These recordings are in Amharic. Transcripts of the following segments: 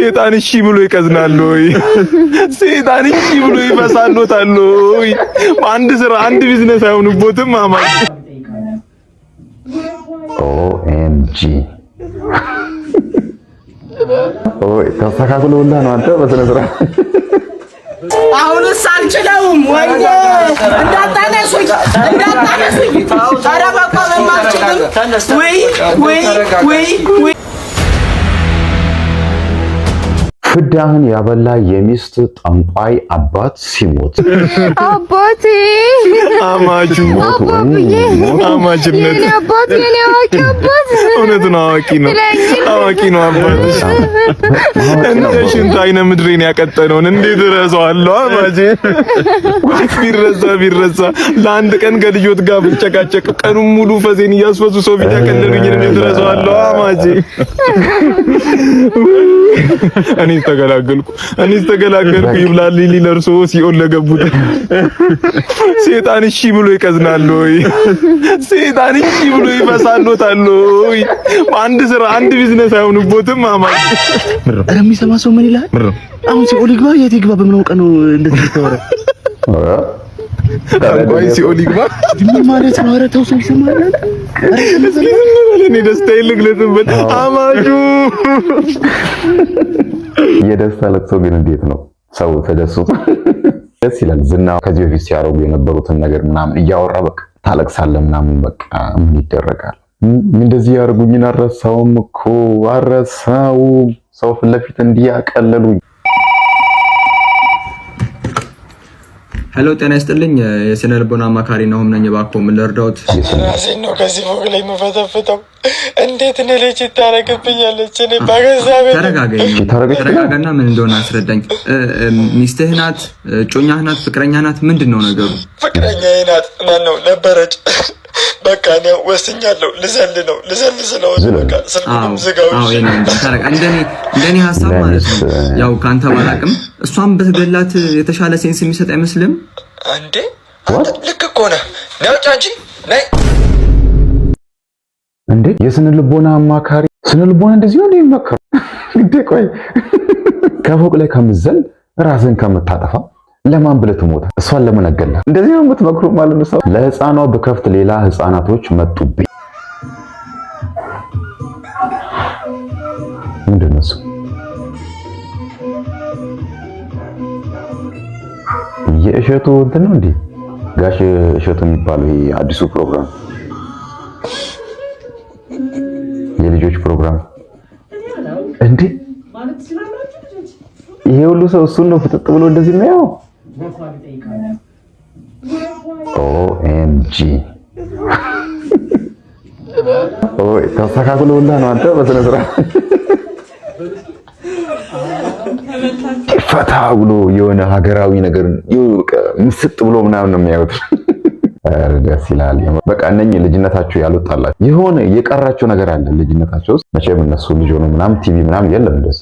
ሴጣን እሺ ብሎ ይቀዝናል ወይ? ሴጣን እሺ ብሎ ይፈሳሎታል ወይ? አንድ ስራ አንድ ቢዝነስ አይሆንቦትም። ማማ ኦኤምጂ ኦይ ተስተካክሎ ነው አንተ በስነ ስርዓት አሁንስ አልችለውም። ወይኔ እንዳታነሱኝ እንዳታነሱኝ። ኧረ በቃ አልችልም። ወይ ወይ ወይ ወይ ፍዳህን ያበላ የሚስት ጠንቋይ አባት ሲሞት አባቴ አማጁ ሞት አባት አዋቂ አባት እውነት ነው። አዋቂ ነው፣ አዋቂ ነው አባት እንደ ሽንት አይነ ምድሬን ያቀጠነውን እንዴት እረሳዋለሁ? አማጄ ቢረሳ ቢረሳ ለአንድ ቀን ከልጆት ጋር ብጨቃጨቅ ቀኑን ሙሉ ፈዜን እያስፈሱ ሰው ቢያቀለሉኝ ያቀለሉኝን እንዴት እረሳዋለሁ? አማጄ እኔስ ተገላገልኩ፣ እኔስ ተገላገልኩ። ይብላል ሊሊ ለርሶ ሲኦል ለገቡት ሴጣን እሺ ብሎ ይቀዝናል ወይ? ሴጣን እሺ ብሎ ይፈሳሎታል ወይ? አንድ ስራ አንድ ቢዝነስ አይሆንቦትም። አማ ኧረ የሚሰማ ሰው ምን ይላል? አሁን ሲኦል ይግባ የት ይግባ? በምን አውቀህ ነው እንደዚህ ተወረ የደስታ ለቅሶ ግን እንዴት ነው ሰው ተደስቶ ደስ ይላል። ዝና ከዚህ በፊት ሲያደርጉ የነበሩትን ነገር ምናምን እያወራ በቃ ታለቅሳለህ ምናምን በቃ ምን ይደረጋል። እንደዚህ ያደርጉኝን አረሳውም እኮ አረሳውም ሰው ፊት ለፊት ሄሎ፣ ጤና ይስጥልኝ። የስነ ልቦና አማካሪ ናሆም ነኝ። ባኮ ምን ልርዳዎት? ራሴን ነው ከዚህ ፎቅ ላይ የምፈተፍተው። እንዴት እኔ ልጅ ታረግብኛለች? እኔ በገዛቤ ተረጋጋና ምን እንደሆነ አስረዳኝ። ሚስትህ ናት? እጮኛህ ናት? ፍቅረኛ ናት? ምንድን ነው ነገሩ? ፍቅረኛ ናት። ማን ነው ነበረች በቃ ነው ወስኛለሁ። ልዘል ነው ልዘል ስለሆነ በቃ ስልኩንም ዝጋው። እንደኔ ሀሳብ ማለት ነው ያው ከአንተ ባላቅም እሷም በትገላት የተሻለ ሴንስ የሚሰጥ አይመስልም እንዴ? ልክ እኮ ነህ። ነውጫ እንጂ ነይ እንዴ! የስነ ልቦና አማካሪ ስነ ልቦና እንደዚህ ነው የሚመከሩ እንዴ? ቆይ ከፎቅ ላይ ከምዘል ራስን ከምታጠፋ ለማን ብለህ ትሞታለህ? እሷን ለምን አገላት? እንደዚህ ነው የምትመክሩ ማለት ነው። ሰው ለህፃኗ ብከፍት ሌላ ህፃናቶች መጡብኝ። ምንድን ነው እሱ? የእሸቱ እንትን ነው እንዴ? ጋሽ እሸቱ የሚባለው ይሄ አዲሱ ፕሮግራም የልጆች ፕሮግራም እንዴ? ይሄ ሁሉ ሰው እሱን ነው ፍጥጥ ብሎ እንደዚህ የሚያየው። ኦኤምጂ ወይ ሁላ ነው። አንተ በስነ ስርዓት ፈታ ብሎ የሆነ ሀገራዊ ነገር ምስጥ ብሎ ምናምን ነው የሚያዩት። ደስ ይላል። በቃ እነኝ ልጅነታቸው ያልወጣላቸው የሆነ የቀራቸው ነገር አለ ልጅነታቸው ውስጥ። መቼም እነሱ ልጅ ሆኑ ምናምን ቲቪ ምናምን የለም እንደሱ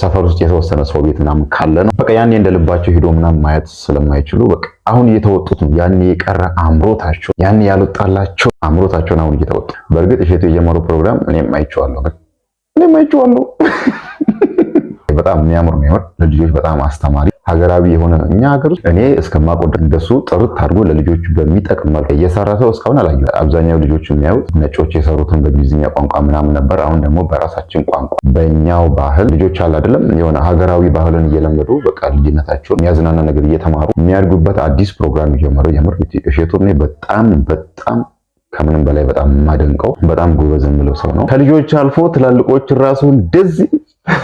ሰፈር ውስጥ የተወሰነ ሰው ቤት ምናምን ካለ ነው በቃ ያኔ እንደልባቸው ሄዶ ምናምን ማየት ስለማይችሉ በቃ አሁን እየተወጡት ነው። ያኔ የቀረ አምሮታቸው ያኔ ያልወጣላቸው አምሮታቸውን አሁን እየተወጡ በእርግጥ እሸቱ የጀመሩ ፕሮግራም እኔም አይቼዋለሁ እኔም አይቼዋለሁ። በጣም የሚያምር የሚያምር ለልጆች በጣም አስተማሪ ሀገራዊ የሆነ እኛ ሀገር ውስጥ እኔ እስከማቆድ እንደሱ ጥርት አድርጎ ለልጆች በሚጠቅም መልክ እየሰራ ሰው እስካሁን አላየ። አብዛኛው ልጆች የሚያዩት ነጮች የሰሩትን በእንግሊዝኛ ቋንቋ ምናምን ነበር። አሁን ደግሞ በራሳችን ቋንቋ በእኛው ባህል ልጆች አለ አይደለም የሆነ ሀገራዊ ባህልን እየለመዱ በቃ ልጅነታቸውን የሚያዝናና ነገር እየተማሩ የሚያድጉበት አዲስ ፕሮግራም የጀመረው የምር እሸቱ እኔ በጣም በጣም ከምንም በላይ በጣም የማደንቀው በጣም ጎበዝ የምለው ሰው ነው። ከልጆች አልፎ ትላልቆች ራሱ እንደዚህ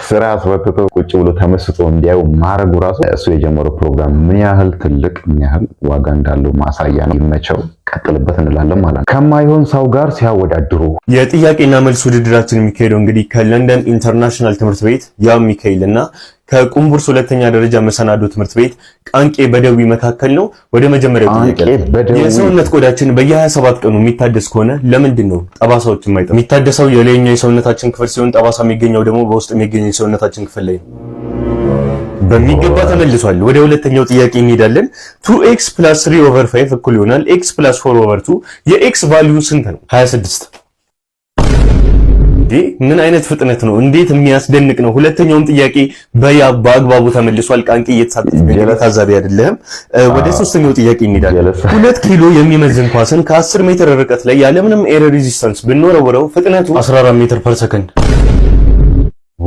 ስራ አስበትቶ ቁጭ ብሎ ተመስጦ እንዲያዩ ማድረጉ ራሱ እሱ የጀመረው ፕሮግራም ምን ያህል ትልቅ ምን ያህል ዋጋ እንዳለው ማሳያ ነው። ይመቸው፣ ቀጥልበት እንላለን ማለት ነው። ከማይሆን ሰው ጋር ሲያወዳድሩ የጥያቄና መልስ ውድድራችን የሚካሄደው እንግዲህ ከለንደን ኢንተርናሽናል ትምህርት ቤት ያው ሚካኤል እና ከቁምቡርስ ሁለተኛ ደረጃ መሰናዶ ትምህርት ቤት ቃንቄ በደዊ መካከል ነው። ወደ መጀመሪያው የሰውነት ቆዳችን በየ27 ቀኑ የሚታደስ ከሆነ ለምንድን ነው ጠባሳዎች የማይጠፉ? የሚታደሰው የላይኛው የሰውነታችን ክፍል ሲሆን ጠባሳ የሚገኘው ደግሞ በውስጥ የሚገኘው የሰውነታችን ክፍል ላይ ነው። በሚገባ ተመልሷል። ወደ ሁለተኛው ጥያቄ እንሄዳለን። 2x ፕላስ ኦቨር 5 እኩል ይሆናል x ፕላስ ኦቨር 2 የኤክስ ቫልዩ ስንት ነው? 26 እንዴ ምን አይነት ፍጥነት ነው? እንዴት የሚያስደንቅ ነው። ሁለተኛውም ጥያቄ በአግባቡ ተመልሷል። ቃንቂ እየተሳተፈ ታዛቢ አይደለም። ወደ ሶስተኛው ጥያቄ እንሄዳለን። ሁለት ኪሎ የሚመዝን ኳስን ከ10 ሜትር ርቀት ላይ ያለምንም ኤር ሬዚስተንስ ብንወረውረው ፍጥነቱ 14 ሜትር ፐር ሰከንድ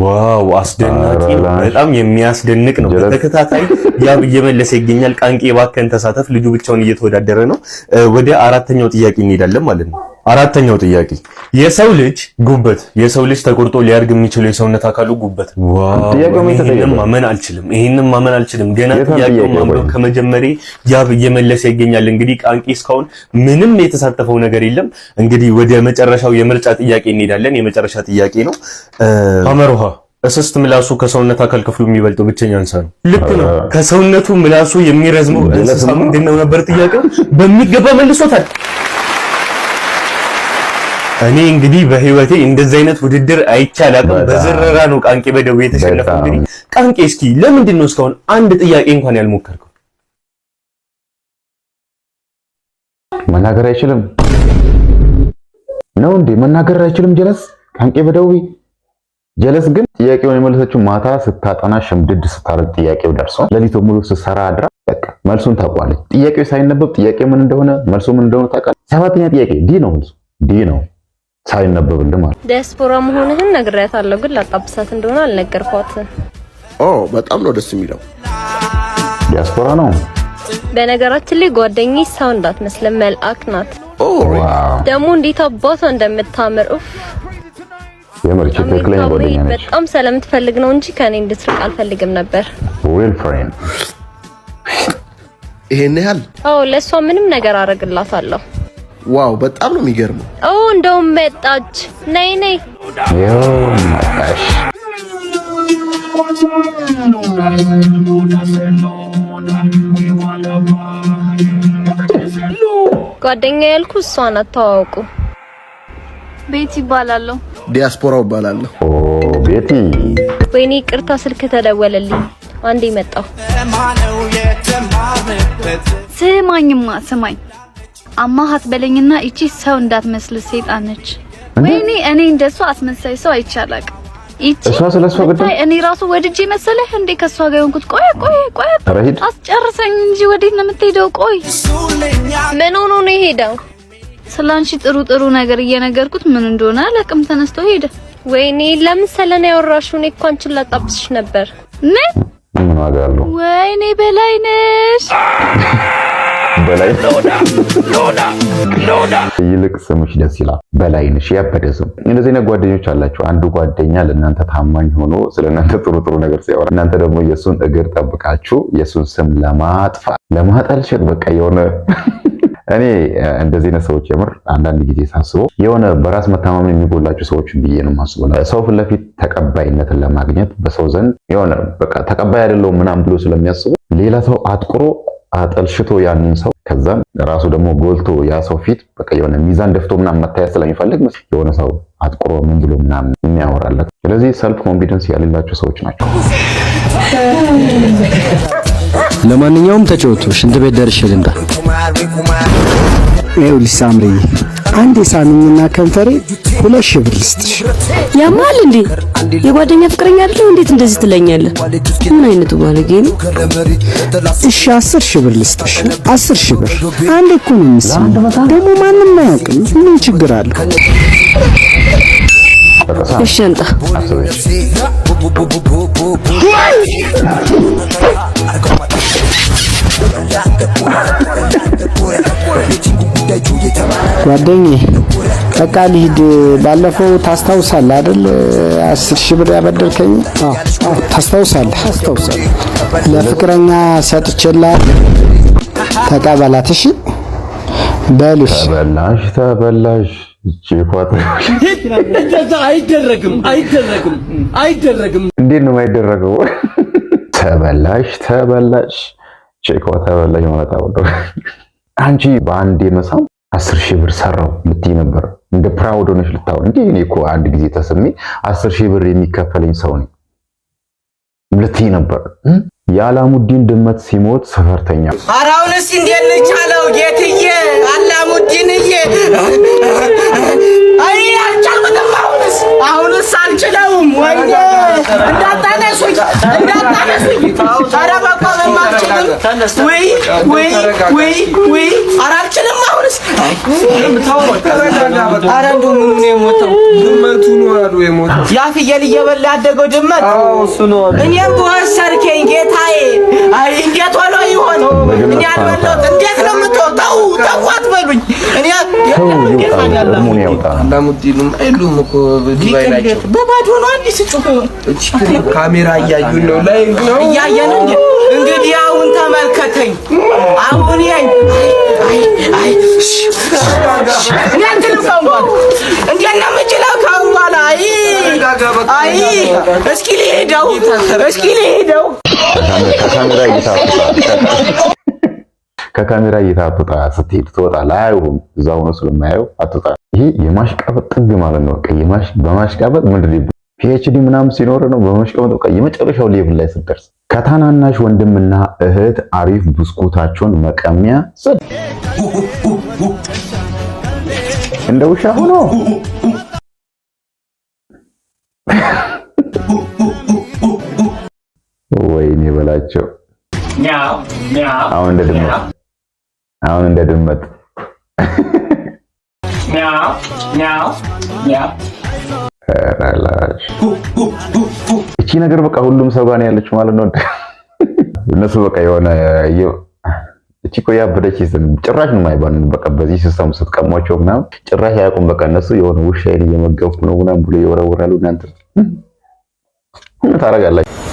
ዋው አስደናቂ ነው። በጣም የሚያስደንቅ ነው። በተከታታይ ያብ እየመለሰ ይገኛል። ቃንቂ ባከን ተሳተፍ። ልጁ ብቻውን እየተወዳደረ ነው። ወደ አራተኛው ጥያቄ እንሄዳለን ማለት ነው። አራተኛው ጥያቄ የሰው ልጅ ጉበት የሰው ልጅ ተቆርጦ ሊያድግ የሚችለው የሰውነት አካሉ ጉበት ነው። ማመን አልችልም። ይሄንን ማመን አልችልም። ገና ጥያቄው ማምለው ከመጀመሬ ያብ እየመለሰ ይገኛል። እንግዲህ ቃንቂ እስካሁን ምንም የተሳተፈው ነገር የለም። እንግዲህ ወደ መጨረሻው የምርጫ ጥያቄ እንሄዳለን። የመጨረሻ ጥያቄ ነው። አመሮሃ እስስት ምላሱ ከሰውነት አካል ክፍሉ የሚበልጠው ብቸኛ እንስሳ ነው። ልክ ነው። ከሰውነቱ ምላሱ የሚረዝመው እንስሳ ምንድን ነው ነበር ጥያቄው። በሚገባ መልሶታል። እኔ እንግዲህ በህይወቴ እንደዚህ አይነት ውድድር አይቻልም። በዝረራ ነው ቃንቄ በደዌ የተሸነፈው። እንግዲህ ቃንቄ፣ እስኪ ለምንድን ነው እስካሁን አንድ ጥያቄ እንኳን ያልሞከርከው? መናገር አይችልም ነው እንዴ? መናገር አይችልም ጀለስ፣ ቃንቄ በደዌ ጀለስ። ግን ጥያቄውን የመለሰችው ማታ ስታጠና ሽምድድ ስታረግ ጥያቄው ደርሷል። ሌሊቱ ሙሉ ስትሰራ አድራ በቃ መልሱን ታውቋለች። ጥያቄው ሳይነበብ ጥያቄ ምን እንደሆነ መልሱ ምን እንደሆነ ታውቃለች። ሰባተኛ ጥያቄ ዲ ነው መልሱ ዲ ነው። ሳይነበብልህ ማለት ዲያስፖራ መሆንህን ነግሬያታለሁ፣ ግን ላጣብሳት እንደሆነ አልነገርኳትም። ኦ በጣም ነው ደስ የሚለው። ዲያስፖራ ነው። በነገራችን ላይ ጓደኛዬ ሰው እንዳትመስለን መልአክ ናት። ደግሞ እንዴት አባቷ እንደምታምር ኡፍ! የምርጭ ትክክለኛ ጓደኛ ነች። በጣም ስለምትፈልግ ነው እንጂ ከኔ እንድትርቅ አልፈልግም ነበር። ዌል ፍሬንድ ይሄን ያህል። አዎ ለእሷ ምንም ነገር አረግላታለሁ። ዋው በጣም ነው የሚገርመው። ኦ እንደውም መጣች። ነይ ነይ። ጓደኛ ያልኩ እሷን አታዋውቁ። ቤት ይባላለሁ። ዲያስፖራው ይባላለሁ። ቤቲ ወይኔ ቅርታ፣ ስልክ ተደወለልኝ። አንዴ መጣሁ። ስማኝማ ስማኝ አማሃት በለኝና እቺ ሰው እንዳትመስል ሰይጣን ነች። ወይኔ እኔ እንደሷ አስመሳይ ሰው አይቻላቅ። እቺ እኔ ራሱ ወድጄ መሰለህ እንዴ ከሷ ጋር የሆንኩት? ቆይ ቆይ ቆይ አስጨርሰኝ እንጂ ወዴት ነው የምትሄደው? ቆይ ምን ሆኖ ነው የሄደው? ስላንቺ ጥሩ ጥሩ ነገር እየነገርኩት ምን እንደሆነ አላቅም ተነስቶ ሄደ። ወይኔ ለምን ሰለና ያወራሽው? እኔ እኮ አንቺን ላጣብስሽ ነበር። ምን ምን ዋጋ አለው? ወይኔ በላይነሽ በላይ ይልቅ ስምሽ ደስ ይላል። በላይነሽ ያበደ ስም። እንደዚህ አይነት ጓደኞች አላቸው። አንዱ ጓደኛ ለእናንተ ታማኝ ሆኖ ስለ እናንተ ጥሩ ጥሩ ነገር ሲያወራ፣ እናንተ ደግሞ የእሱን እግር ጠብቃችሁ የእሱን ስም ለማጥፋት ለማጠልሸት በቃ የሆነ እኔ እንደዚህ አይነት ሰዎች የምር አንዳንድ ጊዜ ሳስበው የሆነ በራስ መተማመን የሚጎላቸው ሰዎች ብዬ ነው የማስበው። ሰው ፊት ለፊት ተቀባይነትን ለማግኘት በሰው ዘንድ የሆነ በቃ ተቀባይ አይደለሁም ምናምን ብሎ ስለሚያስቡ ሌላ ሰው አጥቁሮ አጠልሽቶ ያንን ሰው ከዛም ራሱ ደግሞ ጎልቶ ያ ሰው ፊት በቃ የሆነ ሚዛን ደፍቶ ምናምን መታየት ስለሚፈልግ የሆነ ሰው አጥቁሮ ምን ብሎ ምናምን የሚያወራለት። ስለዚህ ሰልፍ ኮንፊደንስ ያሌላቸው ሰዎች ናቸው። ለማንኛውም ተጫወቱ። ሽንት ቤት ደርሼ ልምጣ። ይኸውልሽ አንድ የሳምኝና ከንፈሬ ሁለት ሺህ ብር ልስጥሽ። ያማል እንዴ? የጓደኛ ፍቅረኛ አይደለ? እንዴት እንደዚህ ትለኛለህ? ምን አይነቱ ባለጌ ነው? እሺ አስር ሺህ ብር ልስጥሽ። አስር ሺህ ብር አንድ እኮ ነው የሚስመው። ደግሞ ማንም አያውቅም። ምን ችግር አለው? እሺ አንጣ ጓደኛዬ በቃ ልሂድ። ባለፈው ታስታውሳለህ አይደል? አስር ሺህ ብር ያበደርከኝ ታስታውሳለህ? ለፍቅረኛ ሰጥቼላት ተቀበላት። እሺ በልሽ ተበላሽ፣ ተበላሽ። እቺ አይደረግም፣ አይደረግም፣ አይደረግም። እንዴት ነው የማይደረገው? ተበላሽ፣ ተበላሽ። ቼኳ ተበላሽ ማለት አውቀው አንቺ በአንድ የመሳም አስር ሺህ ብር ሰራው ልትይ ነበር። እንደ ፕራውድ ሆነሽ ልታወሪ እንዴ? እኔ እኮ አንድ ጊዜ ተስሜ አስር ሺህ ብር የሚከፈለኝ ሰው ነኝ ልትይ ነበር። የአላሙዲን ድመት ሲሞት ሰፈርተኛ አራውንስ እንዴት ልቻለው? ጌትዬ አላሙዲንዬ፣ አይ አልቻልኩትም። አሁንስ አሁንስ አልችለውም ወይ እንዳታነሱኝ ያ ፍየል እየበላ ያደገው ድመት እኔም ብሆን እንዴት ሆኖ ይሆን? እኔ አልበላሁት እንዴት እርሙን ያውጣ። አላሙዲንም አይሉም እኮ በዱባይ ናቸው። በባዶ ነው። አንድ ስጮህ ካሜራ እያዩን ነው፣ ላይ ነው እያየን። እንግዲህ አሁን ተመልከተኝ፣ አሁን ያይ አይ አይ እስኪ ልሄደው እስኪ ልሄደው ከካሜራ እይታ ከካሜራ እይታ አትወጣ። ስትሄድ ትወጣ አያዩህም። እዛ ሆኖ ስለማያዩ አትወጣ። ይሄ የማሽቃበጥ ጥግ ማለት ነው። በማሽቃበጥ ምንድን ፒኤችዲ ምናምን ሲኖር ነው። በማሽቃበጥ በቃ የመጨረሻው ሌቭል ላይ ስትደርስ ከታናናሽ ወንድምና እህት አሪፍ ብስኩታቸውን መቀሚያ እንደ ውሻ ሆኖ ወይኔ በላቸው አሁን እንደ ድመት አሁን እንደ ድመት እቺ ነገር በቃ ሁሉም ሰው ጋር ያለች ማለት ነው። እነሱ በቃ የሆነ እቺ እኮ ያበደች ጭራሽ ነው የማይባል በቃ በዚህ ሲስተም ስትቀሟቸው ምናምን ጭራሽ አያውቁም። በቃ እነሱ የሆነ ይ እየመገብኩ ነው ምናምን ብሎ ይወረውራሉ። እናንተ ምን